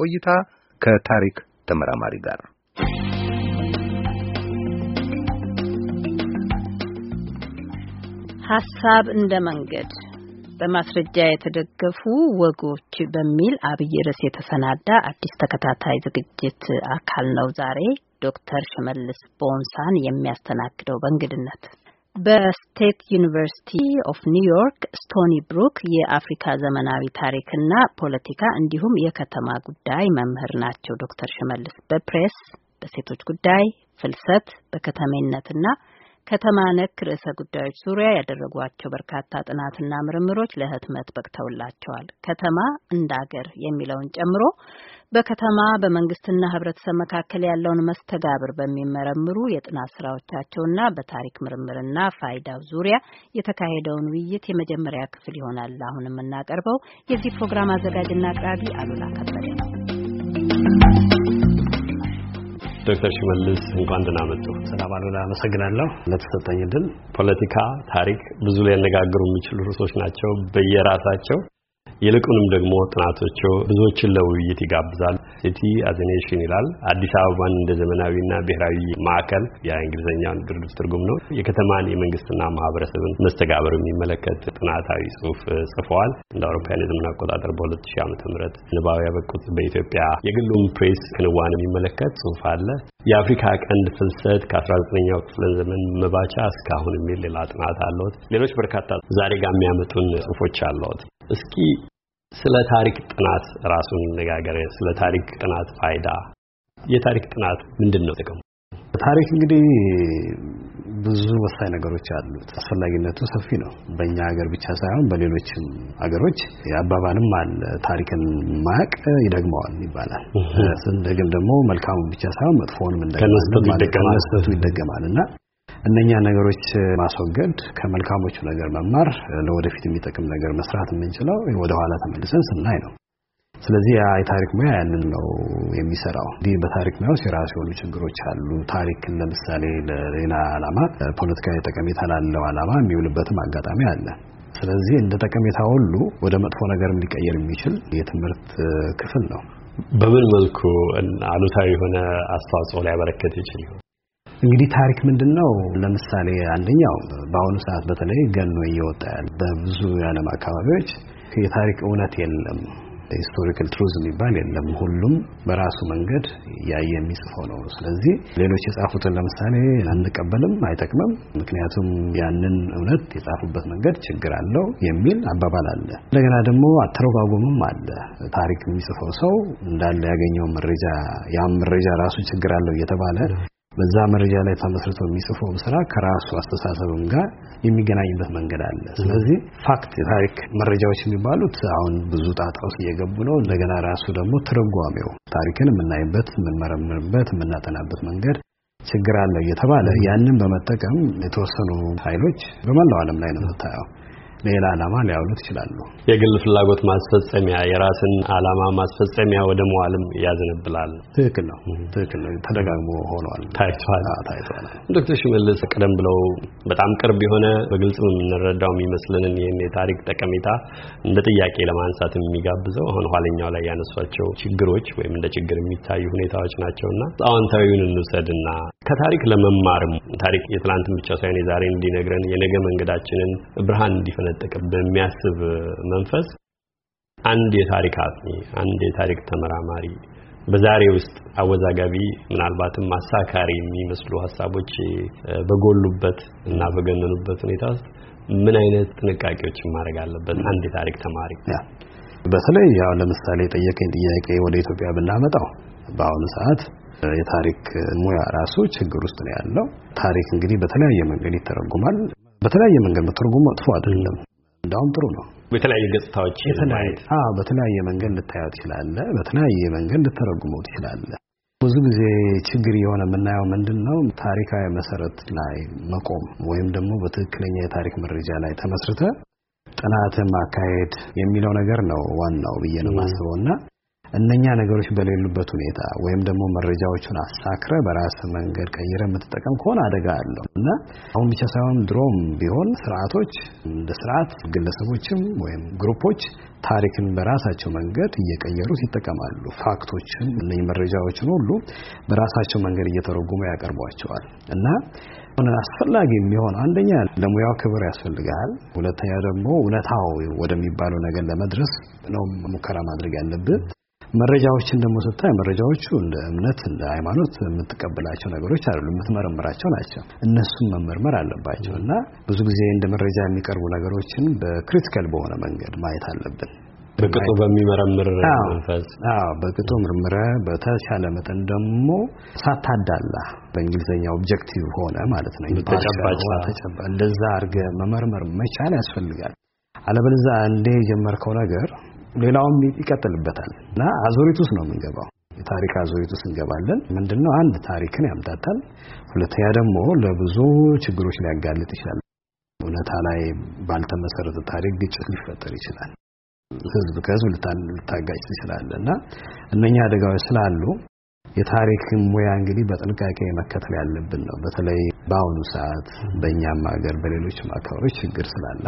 ቆይታ ከታሪክ ተመራማሪ ጋር ሐሳብ እንደ መንገድ በማስረጃ የተደገፉ ወጎች በሚል አብይ ርዕስ የተሰናዳ አዲስ ተከታታይ ዝግጅት አካል ነው። ዛሬ ዶክተር ሽመልስ ቦንሳን የሚያስተናግደው በእንግድነት በስቴት ዩኒቨርሲቲ ኦፍ ኒውዮርክ ስቶኒ ብሩክ የአፍሪካ ዘመናዊ ታሪክና ፖለቲካ እንዲሁም የከተማ ጉዳይ መምህር ናቸው። ዶክተር ሽመልስ በፕሬስ በሴቶች ጉዳይ፣ ፍልሰት፣ በከተሜነትና ከተማ ነክ ርዕሰ ጉዳዮች ዙሪያ ያደረጓቸው በርካታ ጥናትና ምርምሮች ለህትመት በቅተውላቸዋል። ከተማ እንደ አገር የሚለውን ጨምሮ በከተማ በመንግስትና ህብረተሰብ መካከል ያለውን መስተጋብር በሚመረምሩ የጥናት ስራዎቻቸውና በታሪክ ምርምርና ፋይዳው ዙሪያ የተካሄደውን ውይይት የመጀመሪያ ክፍል ይሆናል አሁን የምናቀርበው። የዚህ ፕሮግራም አዘጋጅና አቅራቢ አሉላ ከበደ ነው። ዶክተር ሽመልስ እንኳን ደህና መጡ። ሰላም አሉላ፣ አመሰግናለሁ ለተሰጠኝ እድል። ፖለቲካ፣ ታሪክ ብዙ ሊያነጋግሩ የሚችሉ ርዕሶች ናቸው በየራሳቸው ይልቁንም ደግሞ ጥናቶቹ ብዙዎችን ለውይይት ይጋብዛል። ሲቲ አዝ ይላል። አዲስ አበባን እንደ ዘመናዊና ብሔራዊ ማዕከል የእንግሊዝኛውን ግርድፍ ትርጉም ነው። የከተማን የመንግስትና ማህበረሰብን መስተጋበር የሚመለከት ጥናታዊ ጽሁፍ ጽፈዋል። እንደ አውሮፓውያን የዘመን አቆጣጠር በ2000 ዓ.ም ንባብ ያበቁት በኢትዮጵያ የግሉም ፕሬስ ክንዋን የሚመለከት ጽሁፍ አለ። የአፍሪካ ቀንድ ፍልሰት ከ19ኛው ክፍለ ዘመን መባቻ እስካሁን የሚል ሌላ ጥናት አለዎት። ሌሎች በርካታ ዛሬ ጋር የሚያመጡን ጽሁፎች አለዎት። እስኪ ስለ ታሪክ ጥናት ራሱን እንነጋገር። ስለ ታሪክ ጥናት ፋይዳ፣ የታሪክ ጥናት ምንድን ነው ጥቅሙ? ታሪክ እንግዲህ ብዙ ወሳኝ ነገሮች አሉት። አስፈላጊነቱ ሰፊ ነው። በእኛ ሀገር ብቻ ሳይሆን በሌሎችም ሀገሮች አባባልም አለ፣ ታሪክን ማያቅ ይደግመዋል ይባላል። ስንደግም ደግሞ መልካሙ ብቻ ሳይሆን መጥፎውንም እንደገና ከነስተቱ ይደገማል እና እነኛ ነገሮች ማስወገድ፣ ከመልካሞቹ ነገር መማር፣ ለወደፊት የሚጠቅም ነገር መስራት የምንችለው ወደኋላ ተመልሰን ስናይ ነው። ስለዚህ ያ የታሪክ ሙያ ያንን ነው የሚሰራው። እንዲህ በታሪክ ሙያ ውስጥ የራሱ የሆኑ ችግሮች አሉ። ታሪክ ለምሳሌ ለሌላ ዓላማ፣ ፖለቲካዊ ጠቀሜታ ላለው ዓላማ የሚውልበትም አጋጣሚ አለ። ስለዚህ እንደ ጠቀሜታ ሁሉ ወደ መጥፎ ነገርም ሊቀየር የሚችል የትምህርት ክፍል ነው። በምን መልኩ አሉታዊ የሆነ አስተዋጽኦ ሊያበረከት ይችል ይሆን? እንግዲህ ታሪክ ምንድን ነው? ለምሳሌ አንደኛው በአሁኑ ሰዓት በተለይ ገኖ እየወጣ ያለ በብዙ የዓለም አካባቢዎች የታሪክ እውነት የለም። ሂስቶሪካል ትሩዝ የሚባል የለም። ሁሉም በራሱ መንገድ ያየ የሚጽፈው ነው። ስለዚህ ሌሎች የጻፉትን ለምሳሌ አንቀበልም፣ አይጠቅምም፣ ምክንያቱም ያንን እውነት የጻፉበት መንገድ ችግር አለው የሚል አባባል አለ። እንደገና ደግሞ አተረጓጎምም አለ። ታሪክ የሚጽፈው ሰው እንዳለ ያገኘው መረጃ ያም መረጃ ራሱ ችግር አለው እየተባለ በዛ መረጃ ላይ ተመስርቶ የሚጽፈው ስራ ከራሱ አስተሳሰብም ጋር የሚገናኝበት መንገድ አለ። ስለዚህ ፋክት የታሪክ መረጃዎች የሚባሉት አሁን ብዙ ጣጣ ውስጥ እየገቡ ነው። እንደገና ራሱ ደግሞ ትርጓሜው ታሪክን የምናይበት፣ የምንመረምርበት፣ የምናጠናበት መንገድ ችግር አለ እየተባለ ያንን በመጠቀም የተወሰኑ ኃይሎች በመላው ዓለም ላይ ነው የምታየው። ሌላ ዓላማ ሊያውሉት ይችላሉ። የግል ፍላጎት ማስፈጸሚያ፣ የራስን ዓላማ ማስፈጸሚያ ወደ መዋልም ያዘነብላል። ትክክል ነው፣ ትክክል ነው። ተደጋግሞ ሆኗል፣ ታይቷል፣ ታይቷል። ዶክተር ሽመልስ ቀደም ብለው በጣም ቅርብ የሆነ በግልጽ የምንረዳው የሚመስልንን ይህን የታሪክ ጠቀሜታ እንደ ጥያቄ ለማንሳት የሚጋብዘው አሁን ኋለኛው ላይ ያነሷቸው ችግሮች ወይም እንደ ችግር የሚታዩ ሁኔታዎች ናቸውና አዎንታዊውን እንውሰድና ከታሪክ ለመማርም ታሪክ የትላንትን ብቻ ሳይሆን የዛሬን እንዲነግረን የነገ መንገዳችንን ብርሃን እንዲፈ ለጥቅም በሚያስብ መንፈስ አንድ የታሪክ አጥኚ፣ አንድ የታሪክ ተመራማሪ በዛሬ ውስጥ አወዛጋቢ ምናልባትም አሳካሪ የሚመስሉ ሀሳቦች በጎሉበት እና በገነኑበት ሁኔታ ውስጥ ምን አይነት ጥንቃቄዎችን ማድረግ አለበት? አንድ የታሪክ ተማሪ በተለይ ያው ለምሳሌ የጠየቀኝ ጥያቄ ወደ ኢትዮጵያ ብናመጣው በአሁኑ ሰዓት የታሪክ ሙያ ራሱ ችግር ውስጥ ነው ያለው። ታሪክ እንግዲህ በተለያየ መንገድ ይተረጉማል። በተለያየ መንገድ መተርጎም መጥፎ አይደለም። እንዳውም ጥሩ ነው። በተለያየ ገጽታዎች በተለያየ መንገድ ልታየው ትችላለህ። በተለያየ መንገድ ልተረጉመው ትችላለህ። ብዙ ጊዜ ችግር የሆነ የምናየው ምንድን ነው? ታሪካዊ መሰረት ላይ መቆም ወይም ደግሞ በትክክለኛ የታሪክ መረጃ ላይ ተመስርተ ጥናትን ማካሄድ የሚለው ነገር ነው ዋናው ብዬ ነው የማስበው እና እነኛ ነገሮች በሌሉበት ሁኔታ ወይም ደግሞ መረጃዎቹን አሳክረ በራስ መንገድ ቀይረ የምትጠቀም ከሆነ አደጋ አለው እና አሁን ብቻ ሳይሆን ድሮም ቢሆን ስርዓቶች እንደ ስርዓት ግለሰቦችም ወይም ግሩፖች ታሪክን በራሳቸው መንገድ እየቀየሩት ይጠቀማሉ። ፋክቶችን እነ መረጃዎችን ሁሉ በራሳቸው መንገድ እየተረጉሙ ያቀርቧቸዋል እና ሆነ አስፈላጊ የሚሆን አንደኛ ለሙያው ክብር ያስፈልጋል። ሁለተኛ ደግሞ እውነታው ወደሚባለው ነገር ለመድረስ ነው ሙከራ ማድረግ ያለብን። መረጃዎችን ደግሞ ስታይ መረጃዎቹ እንደ እምነት እንደ ሃይማኖት የምትቀበላቸው ነገሮች አይደሉም፣ የምትመረምራቸው ናቸው። እነሱም መመርመር አለባቸው እና ብዙ ጊዜ እንደ መረጃ የሚቀርቡ ነገሮችን በክሪቲካል በሆነ መንገድ ማየት አለብን። በቅጡ በሚመረምር መንፈስ። በቅጡ ምርምረ በተቻለ መጠን ደግሞ ሳታዳላ በእንግሊዝኛ ኦብጀክቲቭ ሆነ ማለት ነው። እንደዛ አድርገህ መመርመር መቻል ያስፈልጋል። አለበለዚያ እንደ የጀመርከው ነገር ሌላውም ይቀጥልበታል እና አዙሪት ውስጥ ነው የምንገባው። የታሪክ አዙሪት ውስጥ እንገባለን። ምንድነው አንድ ታሪክን ያምታታል፣ ሁለተኛ ደግሞ ለብዙ ችግሮች ሊያጋልጥ ይችላል። እውነታ ላይ ባልተመሰረተ ታሪክ ግጭት ሊፈጠር ይችላል። ህዝብ ከህዝብ ልታጋጭ ትችላለህ እና እነኛ አደጋዎች ስላሉ የታሪክም ሙያ እንግዲህ በጥንቃቄ መከተል ያለብን ነው። በተለይ በአሁኑ ሰዓት በእኛም ሀገር በሌሎችም አካባቢዎች ችግር ስላለ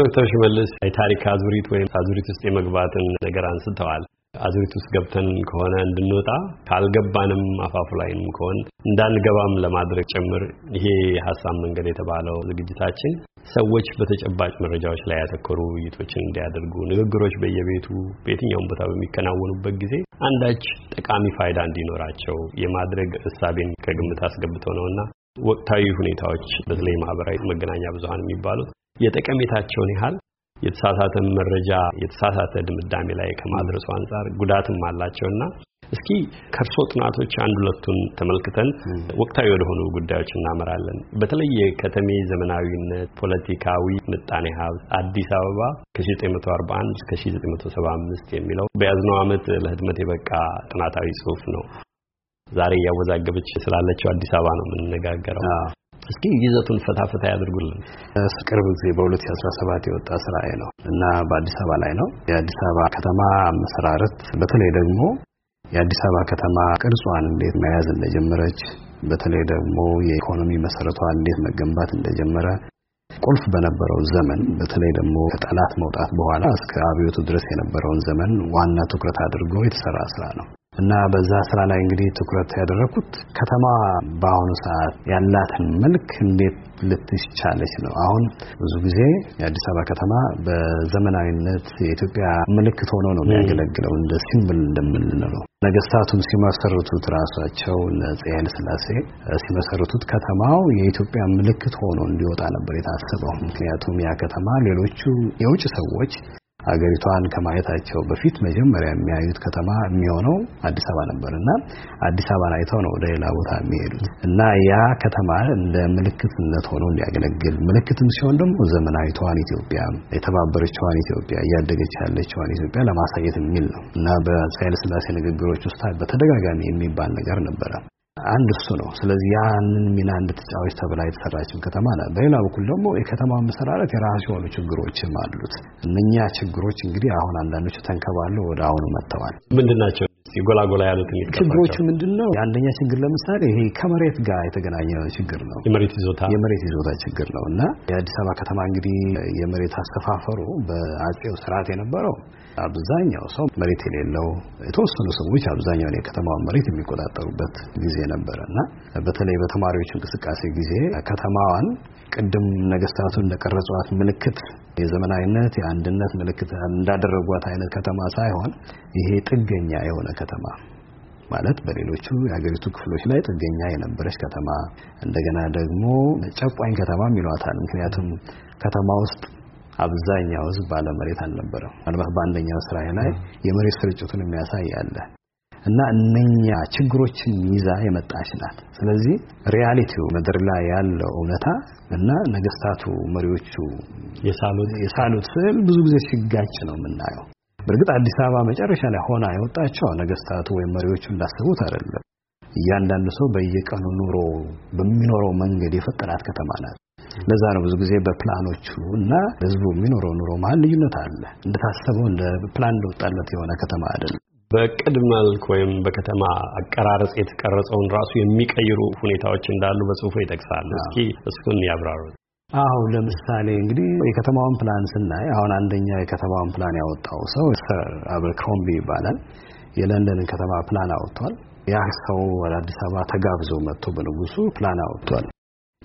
ዶክተር ሽመልስ የታሪክ አዙሪት ወይም አዙሪት ውስጥ የመግባትን ነገር አንስተዋል። አዙሪት ውስጥ ገብተን ከሆነ እንድንወጣ ካልገባንም አፋፉ ላይም ከሆን እንዳንገባም ለማድረግ ጭምር ይሄ ሀሳብ መንገድ የተባለው ዝግጅታችን ሰዎች በተጨባጭ መረጃዎች ላይ ያተኮሩ ውይይቶችን እንዲያደርጉ ንግግሮች በየቤቱ በየትኛውም ቦታ በሚከናወኑበት ጊዜ አንዳች ጠቃሚ ፋይዳ እንዲኖራቸው የማድረግ እሳቤን ከግምት አስገብተው ነውና ወቅታዊ ሁኔታዎች በተለይ ማህበራዊ መገናኛ ብዙሃን የሚባሉት የጠቀሜታቸውን ያህል የተሳሳተ መረጃ የተሳሳተ ድምዳሜ ላይ ከማድረሱ አንጻር ጉዳትም አላቸውና እስኪ ከእርሶ ጥናቶች አንድ ሁለቱን ተመልክተን ወቅታዊ ወደሆኑ ጉዳዮች እናመራለን። በተለይ የከተሜ ዘመናዊነት፣ ፖለቲካዊ ምጣኔ ሀብት፣ አዲስ አበባ ከ1941 እስከ 1975 የሚለው በያዝነው ዓመት ለህትመት የበቃ ጥናታዊ ጽሁፍ ነው። ዛሬ እያወዛገበች ስላለችው አዲስ አበባ ነው የምንነጋገረው። እስኪ ይዘቱን ፈታፈታ ያድርጉልን። ቅርብ ጊዜ በ2017 የወጣ ስራዬ ነው እና በአዲስ አበባ ላይ ነው። የአዲስ አበባ ከተማ መሰራረት በተለይ ደግሞ የአዲስ አበባ ከተማ ቅርጿን እንዴት መያዝ እንደጀመረች፣ በተለይ ደግሞ የኢኮኖሚ መሰረቷን እንዴት መገንባት እንደጀመረ ቁልፍ በነበረው ዘመን በተለይ ደግሞ ከጠላት መውጣት በኋላ እስከ አብዮቱ ድረስ የነበረውን ዘመን ዋና ትኩረት አድርጎ የተሰራ ስራ ነው። እና በዛ ስራ ላይ እንግዲህ ትኩረት ያደረኩት ከተማ በአሁኑ ሰዓት ያላትን መልክ እንዴት ልትቻለች ነው። አሁን ብዙ ጊዜ የአዲስ አበባ ከተማ በዘመናዊነት የኢትዮጵያ ምልክት ሆኖ ነው የሚያገለግለው፣ እንደ ሲምብል እንደምንለው ነገስታቱም ሲመሰርቱት ራሳቸው አፄ ኃይለ ሥላሴ ሲመሰርቱት ከተማው የኢትዮጵያ ምልክት ሆኖ እንዲወጣ ነበር የታሰበው። ምክንያቱም ያ ከተማ ሌሎቹ የውጭ ሰዎች ሀገሪቷን ከማየታቸው በፊት መጀመሪያ የሚያዩት ከተማ የሚሆነው አዲስ አበባ ነበር እና አዲስ አበባን አይተው ነው ወደ ሌላ ቦታ የሚሄዱት እና ያ ከተማ እንደ ምልክትነት ሆኖ እንዲያገለግል ምልክትም ሲሆን ደግሞ ዘመናዊቷን ኢትዮጵያ፣ የተባበረችዋን ኢትዮጵያ፣ እያደገች ያለችዋን ኢትዮጵያ ለማሳየት የሚል ነው እና በኃይለሥላሴ ንግግሮች ውስጥ በተደጋጋሚ የሚባል ነገር ነበረ። አንድ እሱ ነው። ስለዚህ ያንን ሚና እንድትጫወች ተብላ የተሰራችም ከተማ ናት። በሌላ በኩል ደግሞ የከተማ መሰራረት የራሱ የሆኑ ችግሮችም አሉት። እነኛ ችግሮች እንግዲህ አሁን አንዳንዶቹ ተንከባለው ወደ አሁኑ መጥተዋል። ምንድን ናቸው? የጎላጎላ ያሉት ችግሮቹ ምንድን ነው? አንደኛ ችግር ለምሳሌ ይሄ ከመሬት ጋር የተገናኘ ችግር ነው። የመሬት ይዞታ የመሬት ይዞታ ችግር ነው እና የአዲስ አበባ ከተማ እንግዲህ የመሬት አስተፋፈሩ በአጼው ስርዓት የነበረው አብዛኛው ሰው መሬት የሌለው የተወሰኑ ሰዎች አብዛኛውን የከተማውን መሬት የሚቆጣጠሩበት ጊዜ ነበረ እና በተለይ በተማሪዎች እንቅስቃሴ ጊዜ ከተማዋን ቅድም ነገስታቱ እንደቀረጿት ምልክት የዘመናዊነት የአንድነት ምልክት እንዳደረጓት አይነት ከተማ ሳይሆን ይሄ ጥገኛ የሆነ ከተማ ማለት በሌሎቹ የሀገሪቱ ክፍሎች ላይ ጥገኛ የነበረች ከተማ እንደገና ደግሞ ጨቋኝ ከተማ ይሏታል። ምክንያቱም ከተማ ውስጥ አብዛኛው ህዝብ ባለመሬት አልነበረም። ምናልባት በአንደኛው ስራ ላይ የመሬት ስርጭቱን የሚያሳይ አለ እና እነኛ ችግሮችን ይዛ የመጣች ናት። ስለዚህ ሪያሊቲው ምድር ላይ ያለው እውነታ እና ነገስታቱ መሪዎቹ የሳሉት ስዕል ብዙ ጊዜ ሲጋጭ ነው የምናየው። በእርግጥ አዲስ አበባ መጨረሻ ላይ ሆና የወጣቸው ነገስታቱ ወይም መሪዎቹ እንዳሰቡት አይደለም። እያንዳንዱ ሰው በየቀኑ ኑሮ በሚኖረው መንገድ የፈጠራት ከተማ ናት። ለዛ ነው ብዙ ጊዜ በፕላኖቹ እና ህዝቡ የሚኖረው ኑሮ መሀል ልዩነት አለ። እንደታሰበው እንደ ፕላን እንደወጣለት የሆነ ከተማ አይደለም። በቅድ መልክ ወይም በከተማ አቀራረጽ የተቀረጸውን ራሱ የሚቀይሩ ሁኔታዎች እንዳሉ በጽሁፎ ይጠቅሳል። እስኪ እሱን ያብራሩት። አሁን ለምሳሌ እንግዲህ የከተማውን ፕላን ስናይ አሁን አንደኛ የከተማውን ፕላን ያወጣው ሰው ሰር አብርክሮምቢ ይባላል። የለንደንን ከተማ ፕላን አወጥቷል። ያ ሰው ወደ አዲስ አበባ ተጋብዞ መጥቶ በንጉሱ ፕላን አወጥቷል።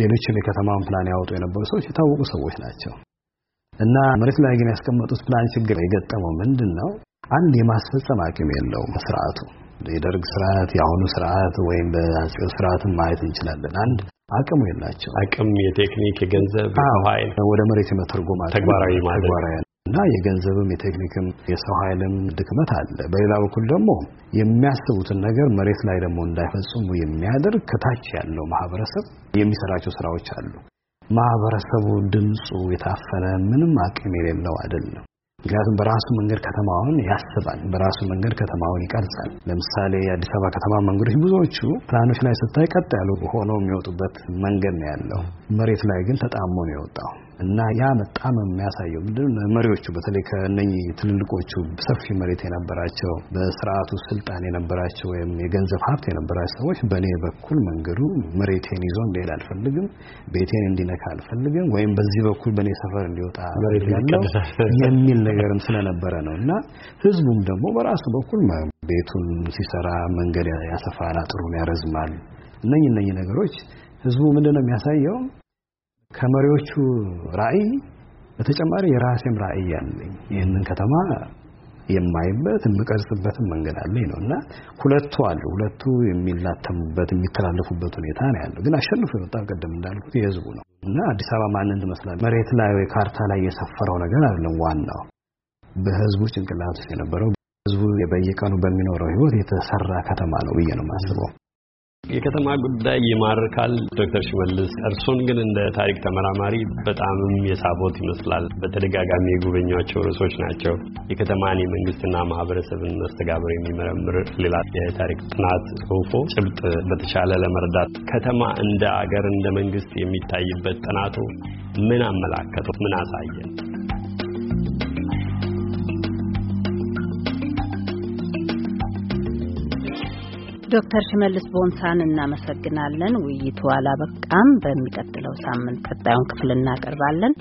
ሌሎችም የከተማውን ፕላን ያወጡ የነበሩ ሰዎች የታወቁ ሰዎች ናቸው እና መሬት ላይ ግን ያስቀመጡት ፕላን ችግር የገጠመው ምንድን ነው? አንድ የማስፈጸም አቅም የለውም ስርዓቱ የደርግ ስርዓት የአሁኑ ስርዓት ወይም በአጼው ስርዓትን ማየት እንችላለን። አንድ አቅሙ የላቸው አቅም የቴክኒክ የገንዘብ ኃይል ወደ መሬት የመተርጎም ተግባራዊ ማድረግ እና የገንዘብም የቴክኒክም የሰው ኃይልም ድክመት አለ። በሌላ በኩል ደግሞ የሚያስቡትን ነገር መሬት ላይ ደግሞ እንዳይፈጽሙ የሚያደርግ ከታች ያለው ማህበረሰብ የሚሰራቸው ስራዎች አሉ። ማህበረሰቡ ድምፁ የታፈነ ምንም አቅም የሌለው አይደለም። ምክንያቱም በራሱ መንገድ ከተማውን ያስባል፣ በራሱ መንገድ ከተማውን ይቀርጻል። ለምሳሌ የአዲስ አበባ ከተማ መንገዶች ብዙዎቹ ፕላኖች ላይ ስታይ ቀጥ ያሉ ሆነው የሚወጡበት መንገድ ነው ያለው። መሬት ላይ ግን ተጣሞ ነው የወጣው። እና ያ በጣም የሚያሳየው ምንድነው መሪዎቹ በተለይ ከነኚህ ትልልቆቹ ሰፊ መሬት የነበራቸው በስርዓቱ ስልጣን የነበራቸው ወይም የገንዘብ ሀብት የነበራቸው ሰዎች በእኔ በኩል መንገዱ መሬቴን ይዞ እንዲሄድ አልፈልግም፣ ቤቴን እንዲነካ አልፈልግም፣ ወይም በዚህ በኩል በእኔ ሰፈር እንዲወጣ የሚል ነገርም ስለነበረ ነው እና ህዝቡም ደግሞ በራሱ በኩል ቤቱን ሲሰራ መንገድ ያሰፋል፣ አጥሩን ያረዝማል። እነኚህ እነኚህ ነገሮች ህዝቡ ምንድነው የሚያሳየው ከመሪዎቹ ራዕይ በተጨማሪ የራሴም ራዕይ ያለኝ ይህንን ከተማ የማይበት የምቀርጽበትን መንገድ አለኝ ነው እና ሁለቱ አሉ። ሁለቱ የሚላተሙበት የሚተላለፉበት ሁኔታ ነው ያለው። ግን አሸንፎ የወጣው ቀደም እንዳልኩት የህዝቡ ነው እና አዲስ አበባ ማንን ትመስላለች? መሬት ላይ ወይ ካርታ ላይ የሰፈረው ነገር አይደለም። ዋናው በህዝቡ ጭንቅላት ውስጥ የነበረው ህዝቡ በየቀኑ በሚኖረው ህይወት የተሰራ ከተማ ነው ብዬ ነው የማስበው። የከተማ ጉዳይ ይማርካል ዶክተር ሽመልስ እርሶን ግን እንደ ታሪክ ተመራማሪ በጣምም የሳቦት ይመስላል። በተደጋጋሚ የጎበኟቸው ርዕሶች ናቸው። የከተማን የመንግስትና ማህበረሰብን መስተጋብር የሚመረምር ሌላ የታሪክ ጥናት ጽሁፎ ጭብጥ በተሻለ ለመረዳት ከተማ እንደ አገር እንደ መንግስት የሚታይበት ጥናቱ ምን አመላከተው? ምን አሳየን? ዶክተር ሽመልስ ቦንሳን እናመሰግናለን። ውይይቱ አላበቃም። በሚቀጥለው ሳምንት ቀጣዩን ክፍል እናቀርባለን።